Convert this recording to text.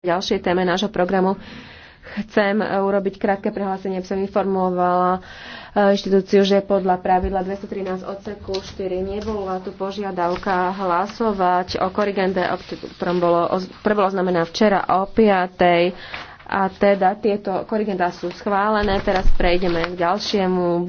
ďalšej téme nášho programu chcem e, urobiť krátke prehlásenie, aby som informovala e, inštitúciu, že podľa pravidla 213 odseku 4 nebola tu požiadavka hlasovať o korigende, o ktorom bolo, bolo znamená včera o 5. A teda tieto korigenda sú schválené. Teraz prejdeme k ďalšiemu.